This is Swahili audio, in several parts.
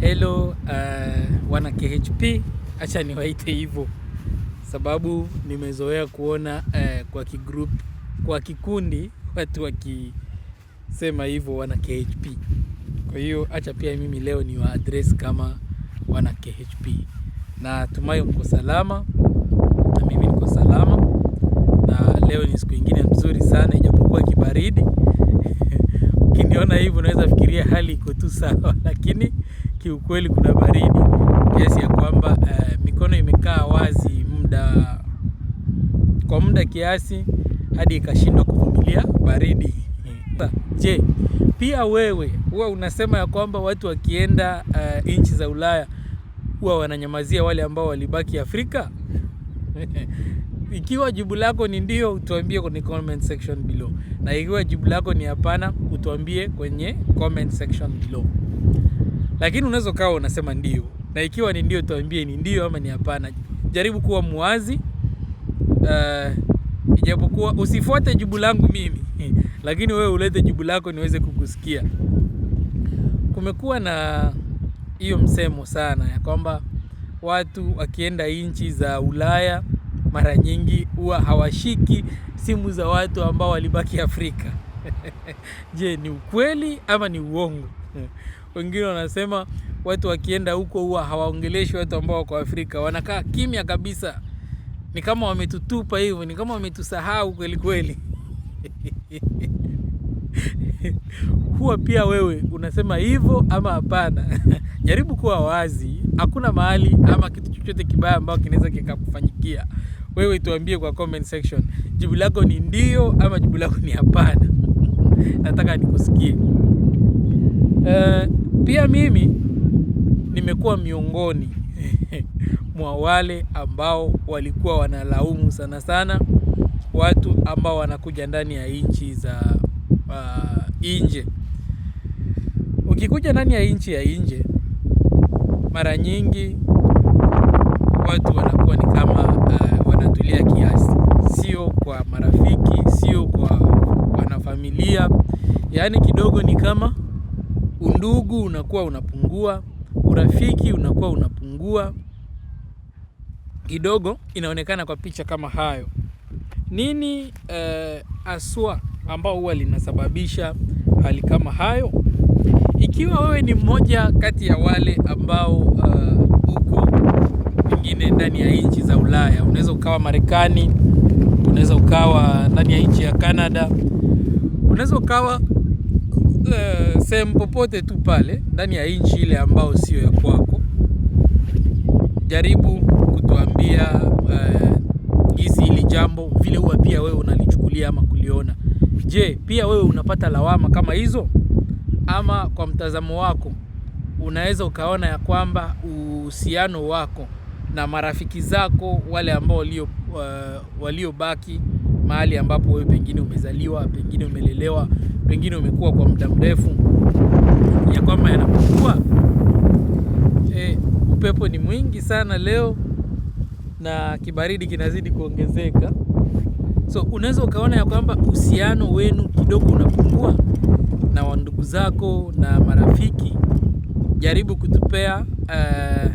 Hello uh, wana KHP, acha niwaite hivyo sababu nimezoea kuona uh, kwa kigroup, kwa kikundi watu wakisema hivyo wana KHP. Kwa hiyo acha pia mimi leo ni wa address kama wana KHP, na tumayo mko salama na mimi niko salama, na leo ni siku ingine mzuri sana, ijapokuwa kibaridi ukiniona hivyo unaweza fikiria hali iko tu sawa, lakini kiukweli kuna baridi kiasi ya kwamba uh, mikono imekaa wazi muda kwa muda kiasi hadi ikashindwa kuvumilia baridi. Je, pia wewe huwa unasema ya kwamba watu wakienda uh, nchi za Ulaya huwa wananyamazia wale ambao walibaki Afrika? Ikiwa jibu lako ni ndio, utuambie kwenye comment section below, na ikiwa jibu lako ni hapana, utuambie kwenye comment section below lakini unaweza ukawa unasema ndio, na ikiwa ni ndio, tuambie ni ndio ama ni hapana. Jaribu kuwa muwazi uh, ijapokuwa usifuate jibu langu mimi lakini wewe ulete jibu lako niweze kukusikia. Kumekuwa na hiyo msemo sana ya kwamba watu wakienda nchi za Ulaya mara nyingi huwa hawashiki simu za watu ambao walibaki Afrika. Je, ni ukweli ama ni uongo? wengine wanasema watu wakienda huko huwa hawaongeleshi watu ambao wako Afrika, wanakaa kimya kabisa, ni kama wametutupa hivyo, ni kama wametusahau kweli kweli. Huwa pia wewe unasema hivyo ama hapana? Jaribu kuwa wazi. Hakuna mahali ama kitu chochote kibaya ambao kinaweza kikakufanyikia wewe. Tuambie kwa comment section, jibu lako ni ndio ama jibu lako ni hapana. Nataka nikusikie. Uh, pia mimi nimekuwa miongoni mwa wale ambao walikuwa wanalaumu sana sana watu ambao wanakuja ndani ya nchi za uh, nje. Ukikuja ndani ya nchi ya nje, mara nyingi watu wanakuwa ni kama uh, wanatulia kiasi, sio kwa marafiki, sio kwa wanafamilia, yaani kidogo ni kama undugu unakuwa unapungua, urafiki unakuwa unapungua kidogo. Inaonekana kwa picha kama hayo nini eh, aswa ambao huwa linasababisha hali kama hayo. Ikiwa wewe ni mmoja kati ya wale ambao eh, huko uko wengine ndani ya nchi za Ulaya, unaweza ukawa Marekani, unaweza ukawa ndani ya nchi ya canada unaweza ukawa Eh, sehemu popote tu pale ndani ya nchi ile ambayo sio ya kwako, jaribu kutuambia eh, jinsi uh, hili jambo vile huwa pia wewe unalichukulia ama kuliona. Je, pia wewe unapata lawama kama hizo, ama kwa mtazamo wako unaweza ukaona ya kwamba uhusiano wako na marafiki zako wale ambao eh, waliobaki uh, waliobaki mahali ambapo wewe pengine umezaliwa, pengine umelelewa, pengine umekuwa kwa muda mrefu, ya kwamba yanapungua. E, upepo ni mwingi sana leo na kibaridi kinazidi kuongezeka, so unaweza ukaona ya kwamba uhusiano wenu kidogo unapungua na wandugu zako na marafiki. Jaribu kutupea uh, eh,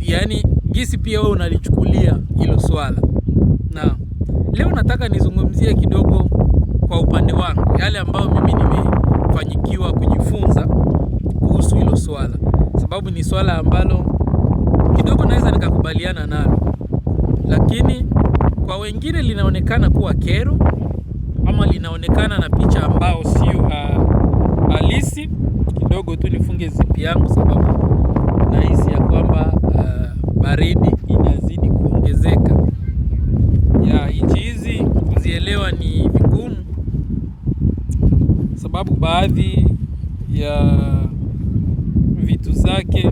yani gisi pia wewe unalichukulia hilo swala na leo nataka nizungumzie kidogo kwa upande wangu yale ambayo mimi nimefanyikiwa kujifunza kuhusu hilo swala, sababu ni swala ambalo kidogo naweza nikakubaliana nalo, lakini kwa wengine linaonekana kuwa kero ama linaonekana na picha ambao sio ah, halisi. Kidogo tu nifunge zipi yangu, sababu nahisi ya kwamba uh, baridi sababu baadhi ya vitu zake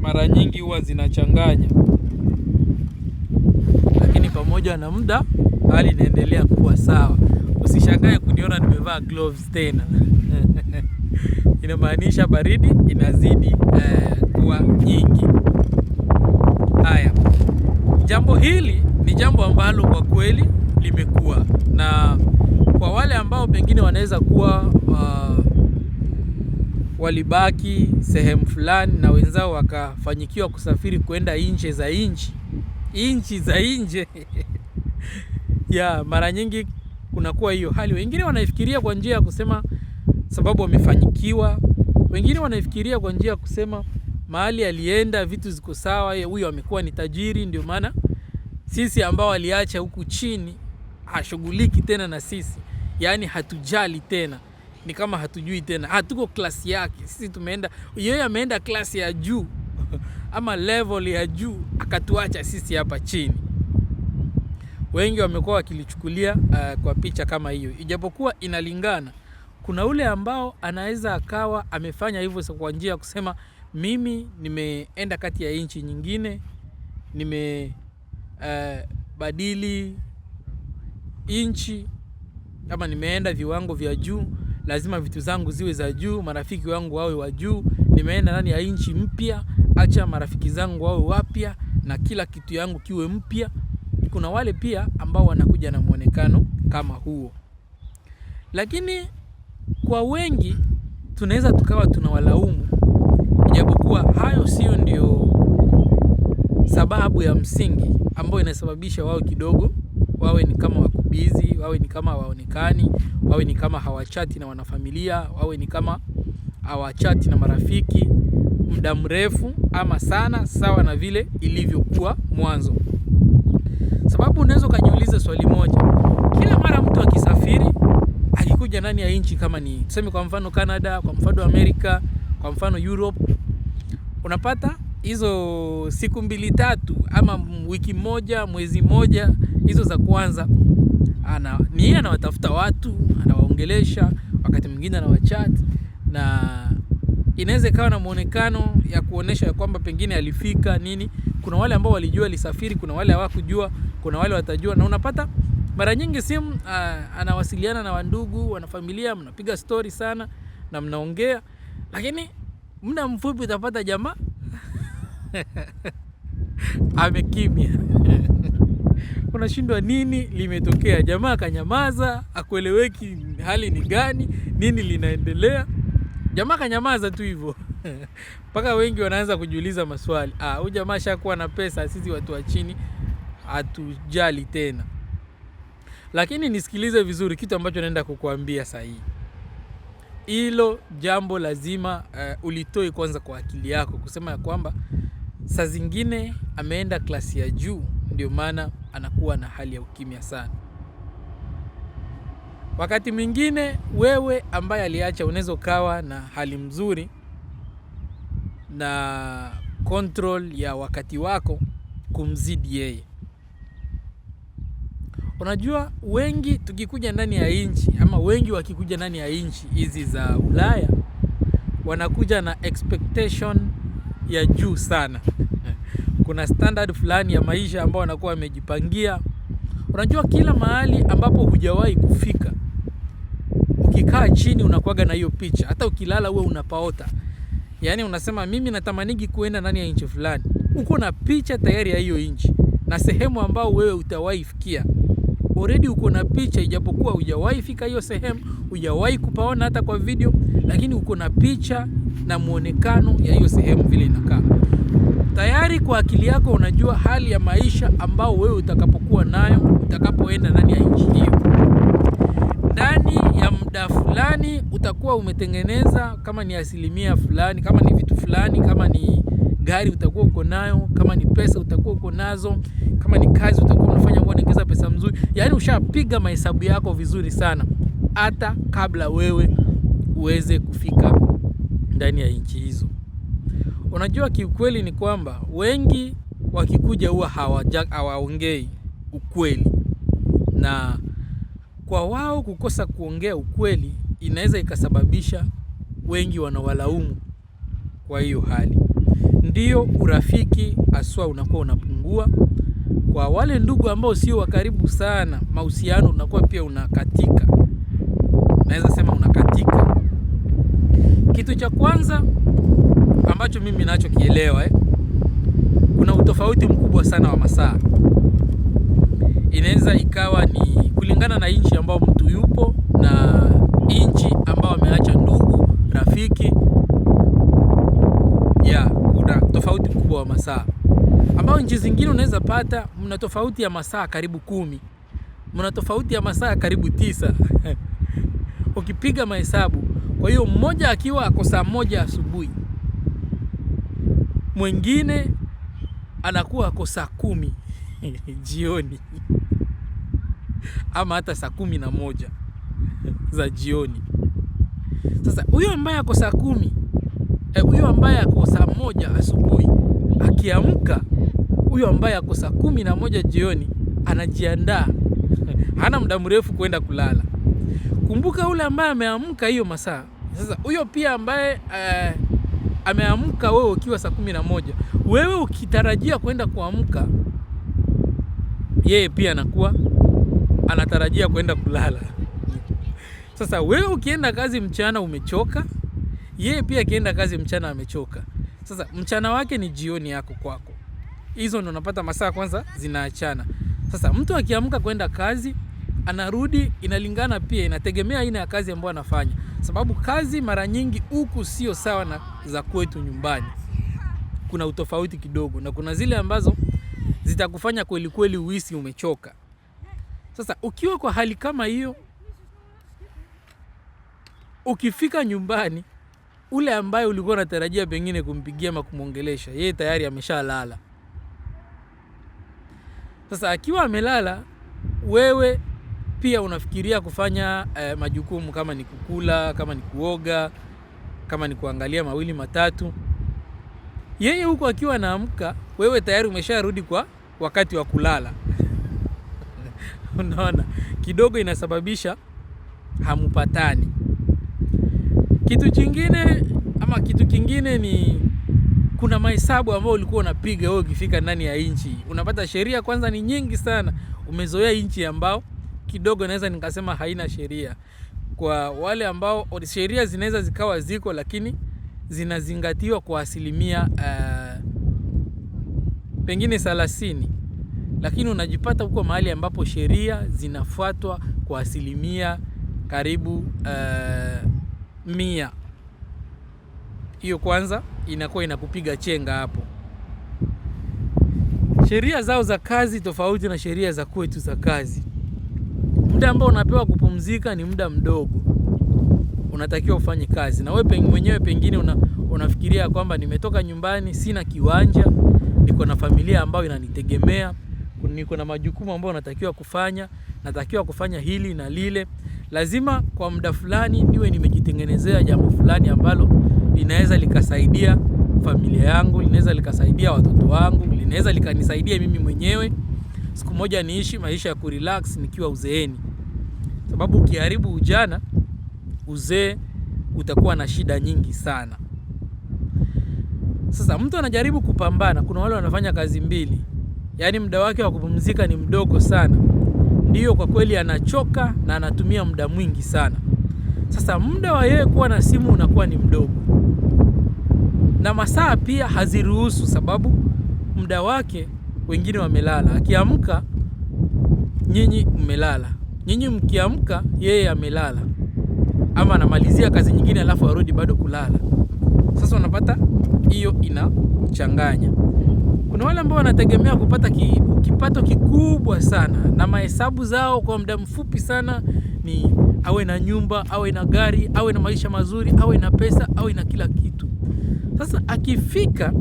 mara nyingi huwa zinachanganya, lakini pamoja na muda hali inaendelea kuwa sawa. Usishangae kuniona nimevaa gloves tena inamaanisha baridi inazidi eh, kuwa nyingi. Haya, jambo hili ni jambo ambalo kwa kweli limekuwa na kwa wale ambao pengine wanaweza kuwa wa, walibaki sehemu fulani na wenzao wakafanyikiwa kusafiri kwenda nje za nchi nchi za nje ya mara nyingi kunakuwa hiyo hali. Wengine wanaifikiria kwa njia ya kusema sababu wamefanyikiwa, wengine wanaifikiria kwa njia ya kusema mahali alienda vitu ziko sawa, huyo amekuwa ni tajiri, ndio maana sisi ambao aliacha huku chini hashughuliki tena na sisi, yaani hatujali tena ni kama hatujui tena, hatuko ah, klasi yake. Sisi tumeenda, yeye ameenda klasi ya juu ama level ya juu, akatuacha sisi hapa chini. Wengi wamekuwa wakilichukulia uh, kwa picha kama hiyo, ijapokuwa inalingana. Kuna ule ambao anaweza akawa amefanya hivyo kwa njia ya kusema mimi nimeenda kati ya nchi nyingine, nimebadili eh, uh, nchi ama nimeenda viwango vya juu lazima vitu zangu ziwe za juu, marafiki wangu wawe wa juu. Nimeenda ndani ya nchi mpya, acha marafiki zangu wawe wapya na kila kitu yangu kiwe mpya. Kuna wale pia ambao wanakuja na mwonekano kama huo, lakini kwa wengi tunaweza tukawa tunawalaumu, ijapokuwa hayo sio ndio sababu ya msingi ambayo inasababisha wao kidogo wawe ni kama busy, wawe ni kama waonekani, wawe ni kama hawachati na wanafamilia, wawe ni kama hawachati na marafiki muda mrefu ama sana, sawa na vile ilivyokuwa mwanzo. Sababu unaweza ukajiuliza swali moja, kila mara mtu akisafiri akikuja ndani ya nchi, kama ni tuseme kwa mfano Canada, kwa mfano Amerika, kwa mfano Europe, unapata hizo siku mbili tatu ama wiki moja mwezi moja hizo za kwanza ana ni yeye anawatafuta watu anawaongelesha, wakati mwingine anawachat, na inaweza ikawa na muonekano ya kuonesha ya kwamba pengine alifika nini. Kuna wale ambao walijua alisafiri, kuna wale hawakujua, kuna wale watajua, na unapata mara nyingi simu anawasiliana na wandugu, wanafamilia, mnapiga stori sana na mnaongea, lakini muda mfupi utapata jamaa amekimya unashindwa nini, limetokea jamaa kanyamaza akueleweki hali ni gani, nini linaendelea. Jamaa kanyamaza tu hivyo mpaka wengi wanaanza kujiuliza maswali, ah, huyu jamaa shakuwa na pesa, sisi watu wa chini hatujali tena. Lakini nisikilize vizuri kitu ambacho naenda kukuambia saa hii. Hilo jambo lazima uh, ulitoe kwanza kwa akili yako kusema ya kwamba saa zingine ameenda klasi ya juu, ndio maana anakuwa na hali ya ukimya sana. Wakati mwingine wewe ambaye aliacha unaweza ukawa na hali mzuri na control ya wakati wako kumzidi yeye. Unajua, wengi tukikuja ndani ya nchi ama wengi wakikuja ndani ya nchi hizi za Ulaya wanakuja na expectation ya juu sana. Kuna standard fulani ya maisha ambao wanakuwa wamejipangia. Unajua, kila mahali ambapo hujawahi kufika, ukikaa chini unakuwaga na hiyo picha, hata ukilala uwe unapaota. Yaani unasema mimi natamanigi kuenda ndani ya nchi fulani, uko na picha tayari ya hiyo nchi na sehemu ambao wewe utawahi fikia already uko na picha, ijapokuwa hujawahi fika hiyo sehemu, hujawahi kupaona hata kwa video, lakini uko na picha na muonekano ya hiyo sehemu vile inakaa tayari kwa akili yako. Unajua hali ya maisha ambao wewe utakapokuwa nayo utakapoenda ndani ya nchi hiyo. Ndani ya muda fulani utakuwa umetengeneza, kama ni asilimia fulani, kama ni vitu fulani, kama ni gari utakuwa uko nayo, kama ni pesa utakuwa uko nazo kama ni kazi utakuwa unafanya unaongeza pesa mzuri, yaani ushapiga mahesabu yako vizuri sana, hata kabla wewe uweze kufika ndani ya nchi hizo. Unajua, kiukweli ni kwamba wengi wakikuja huwa hawaongei ukweli, na kwa wao kukosa kuongea ukweli inaweza ikasababisha wengi wanawalaumu. Kwa hiyo hali ndio urafiki haswa unakuwa unapungua kwa wale ndugu ambao sio wa karibu sana, mahusiano unakuwa pia unakatika, naweza sema unakatika. Kitu cha kwanza ambacho mimi nachokielewa eh, kuna utofauti mkubwa sana wa masaa. Inaweza ikawa ni kulingana na nchi ambao mtu yupo na nchi ambao ameacha ndugu, rafiki ya yeah, kuna tofauti mkubwa wa masaa ambayo nchi zingine unaweza pata mna tofauti ya masaa karibu kumi, mna tofauti ya masaa karibu tisa ukipiga mahesabu. Kwa hiyo mmoja akiwa ako saa moja asubuhi, mwingine anakuwa ako saa kumi jioni ama hata saa kumi na moja za jioni. Sasa huyo ambaye ako saa kumi eh, huyo eh, ambaye ako saa moja asubuhi akiamka huyu ambaye ako saa kumi na moja jioni anajiandaa, hana muda mrefu kwenda kulala. Kumbuka ule ambaye ameamka hiyo masaa sasa, huyo pia ambaye eh, ameamka wewe ukiwa saa kumi na moja, wewe ukitarajia kwenda kuamka, yeye pia anakuwa anatarajia kwenda kulala. Sasa wewe ukienda kazi mchana umechoka, yeye pia akienda kazi mchana amechoka. Sasa mchana wake ni jioni yako kwako hizo ndo unapata masaa kwanza zinaachana. Sasa mtu akiamka kwenda kazi anarudi, inalingana pia, inategemea aina ya kazi ambayo anafanya, sababu kazi mara nyingi huku sio sawa na za kwetu nyumbani. Kuna utofauti kidogo, na kuna zile ambazo zitakufanya kweli kweli uhisi umechoka. Sasa ukiwa kwa hali kama hiyo, ukifika nyumbani, ule ambaye ulikuwa unatarajia pengine kumpigia ama kumwongelesha, yeye tayari ameshalala. Sasa akiwa amelala, wewe pia unafikiria kufanya eh, majukumu kama ni kukula, kama ni kuoga, kama ni kuangalia mawili matatu. Yeye huko akiwa anaamka, wewe tayari umesharudi kwa wakati wa kulala unaona, kidogo inasababisha hamupatani. Kitu chingine ama kitu kingine ni kuna mahesabu ambayo ulikuwa unapiga wewe ukifika ndani ya nchi. Unapata sheria kwanza ni nyingi sana. Umezoea nchi ambao kidogo naweza nikasema haina sheria. Kwa wale ambao sheria zinaweza zikawa ziko lakini zinazingatiwa kwa asilimia uh, pengine thelathini, lakini unajipata huko mahali ambapo sheria zinafuatwa kwa asilimia karibu uh, mia hiyo kwanza inakuwa inakupiga chenga hapo. Sheria zao za kazi tofauti na sheria za kwetu za kazi. Muda ambao unapewa kupumzika ni muda mdogo, unatakiwa ufanye kazi, na wewe mwenyewe pengine una, unafikiria kwamba nimetoka nyumbani, sina kiwanja, niko na familia ambayo inanitegemea, niko na majukumu ambayo natakiwa kufanya, natakiwa kufanya hili na lile. Lazima kwa muda fulani niwe nimejitengenezea jambo fulani ambalo linaweza likasaidia familia yangu, linaweza likasaidia watoto wangu, linaweza likanisaidia mimi mwenyewe siku moja niishi maisha ya kurelax nikiwa uzeeni, sababu ukiharibu ujana, uzee utakuwa na shida nyingi sana. Sasa mtu anajaribu kupambana. Kuna wale wanafanya kazi mbili, yaani muda wake wa kupumzika ni mdogo sana, ndiyo kwa kweli anachoka na anatumia muda mwingi sana. Sasa muda wa yeye kuwa na simu unakuwa ni mdogo na masaa pia haziruhusu, sababu muda wake wengine wamelala. Akiamka nyinyi mmelala, nyinyi mkiamka yeye amelala, ama anamalizia kazi nyingine alafu arudi bado kulala. Sasa unapata hiyo inachanganya. Kuna wale ambao wanategemea kupata ki, kipato kikubwa sana na mahesabu zao kwa muda mfupi sana ni awe na nyumba, awe na gari, awe na maisha mazuri, awe na pesa, awe na kila kitu. Sasa akifika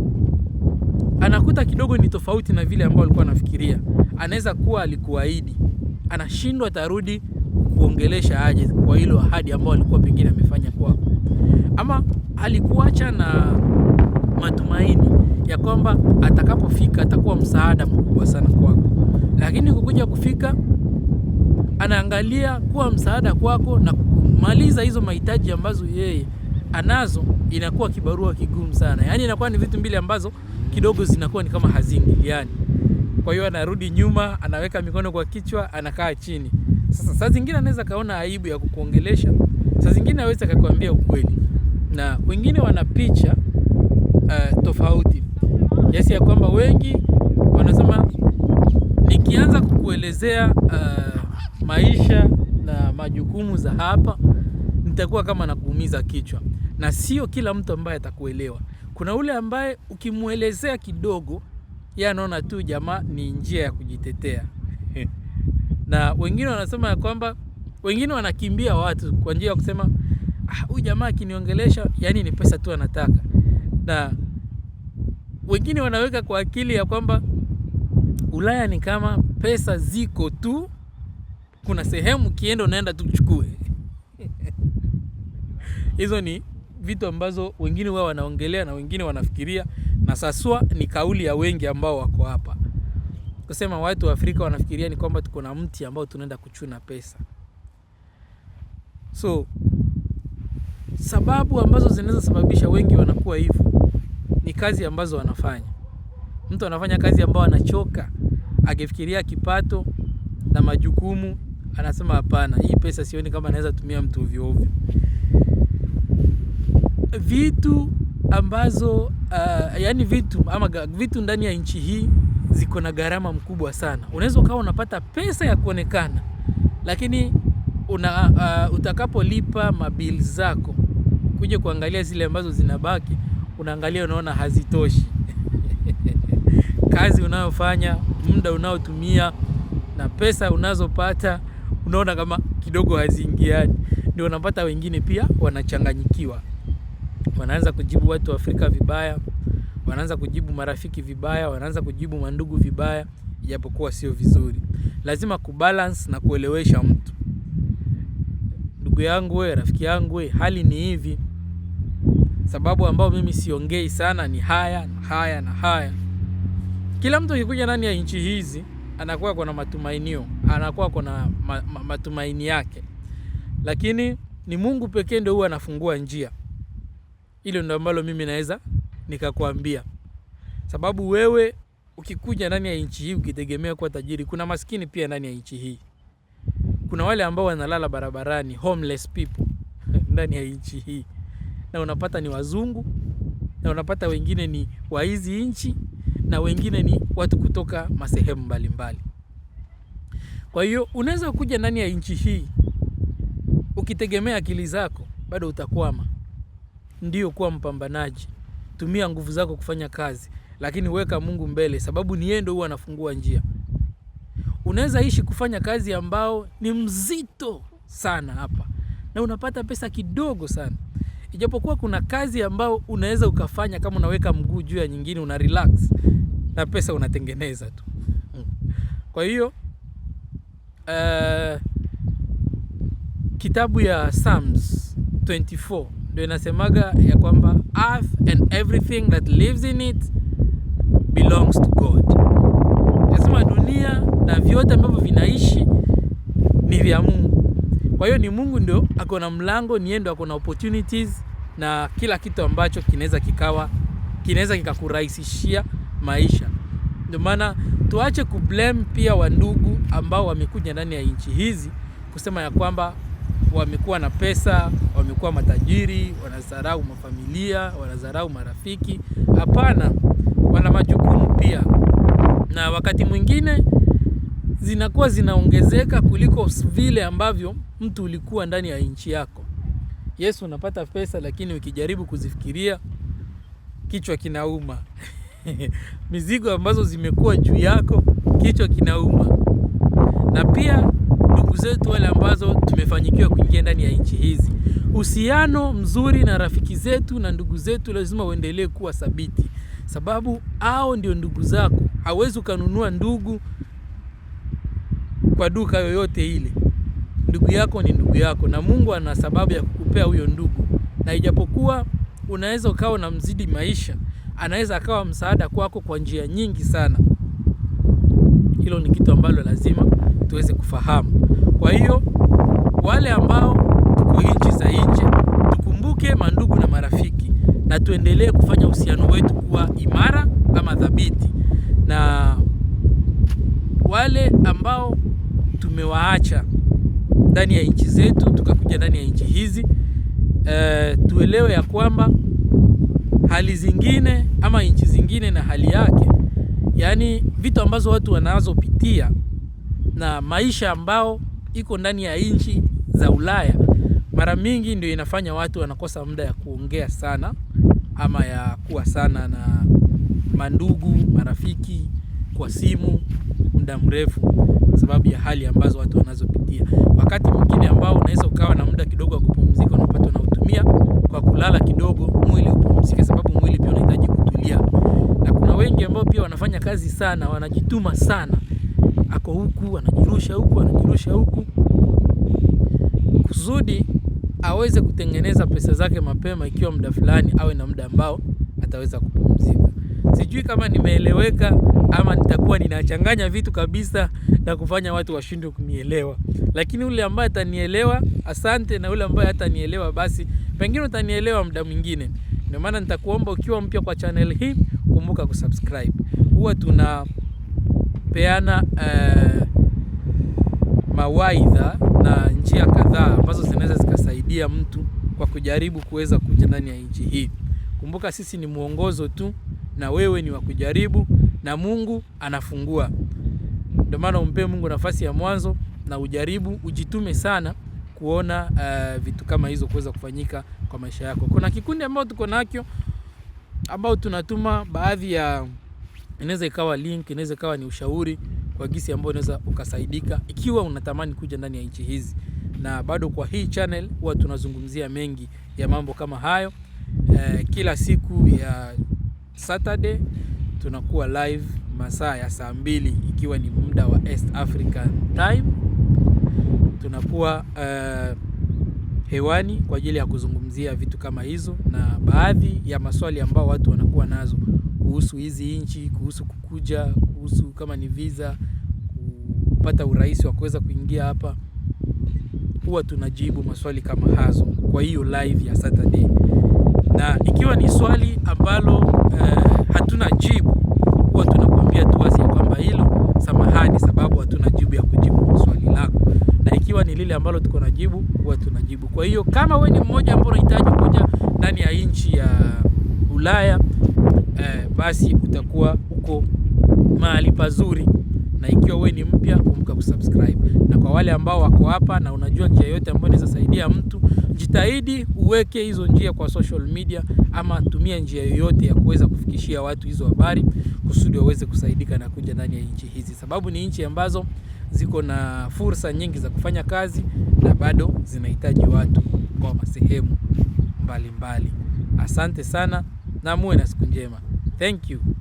anakuta kidogo ni tofauti na vile ambao alikuwa anafikiria. Anaweza kuwa alikuahidi, anashindwa, atarudi kuongelesha aje kwa hilo ahadi ambao alikuwa pengine amefanya kwako, ama alikuacha na matumaini ya kwamba atakapofika atakuwa msaada mkubwa sana kwako, lakini kukuja kufika anaangalia kuwa msaada kwako na kumaliza hizo mahitaji ambazo yeye anazo inakuwa kibarua kigumu sana, yaani inakuwa ni vitu mbili ambazo kidogo zinakuwa ni kama haziingiliani. Kwa hiyo anarudi nyuma, anaweka mikono kwa kichwa, anakaa chini. Sasa saa zingine anaweza kaona aibu ya kukuongelesha, saa zingine aweza akakwambia ukweli, na wengine wana picha uh, tofauti kiasi ya kwamba wengi wanasema nikianza kukuelezea uh, maisha na majukumu za hapa nitakuwa kama nakuumiza kichwa na sio kila mtu ambaye atakuelewa. Kuna ule ambaye ukimwelezea kidogo, yeye anaona tu jamaa ni njia ya kujitetea na wengine wanasema ya kwamba wengine wanakimbia watu kwa njia ya kusema ah, huyu ah, jamaa akiniongelesha, yani ni pesa tu anataka, na wengine wanaweka kwa akili ya kwamba Ulaya ni kama pesa ziko tu, kuna sehemu ukienda unaenda tu chukue. Hizo ni vitu ambazo wengine wao wanaongelea na wengine wanafikiria, na saswa ni kauli ya wengi ambao wako hapa kusema watu wa Afrika wanafikiria ni kwamba tuko na mti ambao tunaenda kuchuna pesa. So sababu ambazo zinaweza sababisha wengi wanakuwa hivyo ni kazi ambazo wanafanya. Mtu anafanya kazi ambayo anachoka, akifikiria kipato na majukumu, anasema hapana, hii pesa sioni kama naweza tumia mtu ovyo ovyo vitu ambazo uh, yani vitu ama vitu ndani ya nchi hii ziko na gharama mkubwa sana. Unaweza ukawa unapata pesa ya kuonekana, lakini una, uh, utakapolipa mabili zako kuja kuangalia zile ambazo zinabaki, unaangalia unaona hazitoshi. Kazi unayofanya, muda unaotumia na pesa unazopata, unaona kama kidogo haziingiani, ndio unapata wengine pia wanachanganyikiwa wanaanza kujibu watu wa Afrika vibaya, wanaanza kujibu marafiki vibaya, wanaanza kujibu mandugu vibaya, japokuwa sio vizuri. Lazima kubalance na kuelewesha mtu, ndugu yangu we, rafiki yangu we, hali ni hivi. Sababu ambayo mimi siongei sana ni haya na haya na haya. Kila mtu akikuja ndani ya nchi hizi anakuwa kuna matumainio, anakuwa kuna ma, ma, matumaini yake, lakini ni Mungu pekee ndio huwa anafungua njia. Hilo ndo ambalo mimi naweza nikakwambia, sababu wewe ukikuja ndani ya nchi hii ukitegemea kuwa tajiri, kuna maskini pia ndani ya nchi hii. Kuna wale ambao wanalala barabarani, homeless people ndani ya nchi hii, na unapata ni wazungu na unapata wengine ni wa hizi nchi na wengine ni watu kutoka masehemu mbalimbali. Kwa hiyo unaweza kuja ndani ya nchi hii ukitegemea akili zako, bado utakwama ndio kuwa mpambanaji. Tumia nguvu zako kufanya kazi, lakini weka Mungu mbele, sababu ni yeye ndio huwa anafungua njia. Unaweza ishi kufanya kazi ambao ni mzito sana hapa na unapata pesa kidogo sana, ijapokuwa kuna kazi ambao unaweza ukafanya kama unaweka mguu juu ya nyingine, una relax na pesa unatengeneza tu. Kwa hiyo uh, kitabu ya Psalms 24 ndio inasemaga ya kwamba earth and everything that lives in it belongs to God. Nasema dunia na vyote ambavyo vinaishi ni vya Mungu. Kwa hiyo ni Mungu ndio ako na mlango, ni ndo ako na opportunities na kila kitu ambacho kinaweza kikawa kinaweza kikakurahisishia maisha. Ndio maana tuache kublame pia wandugu ambao wamekuja ndani ya nchi hizi kusema ya kwamba wamekuwa na pesa, wamekuwa matajiri, wanadharau mafamilia, wanadharau marafiki. Hapana, wana majukumu pia, na wakati mwingine zinakuwa zinaongezeka kuliko vile ambavyo mtu ulikuwa ndani ya nchi yako. yesu unapata pesa, lakini ukijaribu kuzifikiria kichwa kinauma. mizigo ambazo zimekuwa juu yako, kichwa kinauma na pia zetu wale ambazo tumefanyikiwa kuingia ndani ya nchi hizi. Uhusiano mzuri na rafiki zetu na ndugu zetu lazima uendelee kuwa thabiti, sababu hao ndio ndugu zako. Hawezi ukanunua ndugu kwa duka yoyote ile. Ndugu yako ni ndugu yako, na Mungu ana sababu ya kukupea huyo ndugu, na ijapokuwa unaweza ukawa mzidi maisha, anaweza akawa msaada kwako kwa njia nyingi sana hilo ni kitu ambalo lazima tuweze kufahamu. Kwa hiyo wale ambao tuko nchi za nje, tukumbuke mandugu na marafiki, na tuendelee kufanya uhusiano wetu kuwa imara kama thabiti, na wale ambao tumewaacha ndani ya nchi zetu tukakuja ndani ya nchi hizi e, tuelewe ya kwamba hali zingine ama nchi zingine na hali yake yaani vitu ambazo watu wanazopitia na maisha ambao iko ndani ya nchi za Ulaya mara mingi ndio inafanya watu wanakosa muda ya kuongea sana ama ya kuwa sana na mandugu marafiki kwa simu muda mrefu, sababu ya hali ambazo watu wanazopitia. Wakati mwingine ambao unaweza ukawa na muda kidogo wanafanya kazi sana, wanajituma sana, ako huku anajirusha huku anajirusha huku kusudi aweze kutengeneza pesa zake mapema, ikiwa muda fulani awe na muda ambao ataweza kupumzika. Sijui kama nimeeleweka ama nitakuwa ninachanganya vitu kabisa na kufanya watu washindwe kunielewa, lakini ule ambaye atanielewa asante, na ule ambaye hatanielewa basi pengine utanielewa muda mwingine. Ndio maana nitakuomba ukiwa mpya kwa channel hii, kumbuka kusubscribe huwa tunapeana uh, mawaidha na njia kadhaa ambazo zinaweza zikasaidia mtu kwa kujaribu kuweza kuja ndani ya nchi hii. Kumbuka sisi ni mwongozo tu, na wewe ni wa kujaribu, na Mungu anafungua. Ndio maana umpee Mungu nafasi ya mwanzo na ujaribu, ujitume sana kuona uh, vitu kama hizo kuweza kufanyika kwa maisha yako. Kuna kikundi ambao tuko nakyo ambao tunatuma baadhi ya inaweza ikawa link, inaweza ikawa ni ushauri kwa gisi ambayo unaweza ukasaidika ikiwa unatamani kuja ndani ya nchi hizi. Na bado kwa hii channel huwa tunazungumzia mengi ya mambo kama hayo. Eh, kila siku ya Saturday tunakuwa live masaa ya saa mbili ikiwa ni muda wa East African Time, tunakuwa eh, hewani kwa ajili ya kuzungumzia vitu kama hizo na baadhi ya maswali ambao watu wanakuwa nazo kuhusu hizi nchi, kuhusu kukuja, kuhusu kama ni visa, kupata urahisi wa kuweza kuingia hapa, huwa tunajibu maswali kama hazo kwa hiyo live ya Saturday, na ikiwa ni swali ambalo eh, hatuna jibu, huwa tunakuambia tu wazi kwamba hilo samahani, sababu hatuna jibu ya kujibu swali lako, na ikiwa ni lile ambalo tuko na jibu, huwa tunajibu. Kwa hiyo kama wewe ni mmoja ambao unahitaji kuja ndani ya nchi ya Ulaya eh, basi utakuwa uko mahali pazuri. Na ikiwa wewe ni mpya, kumbuka kusubscribe, na kwa wale ambao wako hapa na unajua njia yoyote ambayo inaweza saidia mtu, jitahidi uweke hizo njia kwa social media, ama tumia njia yoyote ya kuweza kufikishia watu hizo habari kusudi waweze kusaidika na kuja ndani ya nchi hizi, sababu ni nchi ambazo ziko na fursa nyingi za kufanya kazi na bado zinahitaji watu kwa sehemu mbalimbali. Asante sana na muwe na siku njema. Thank you.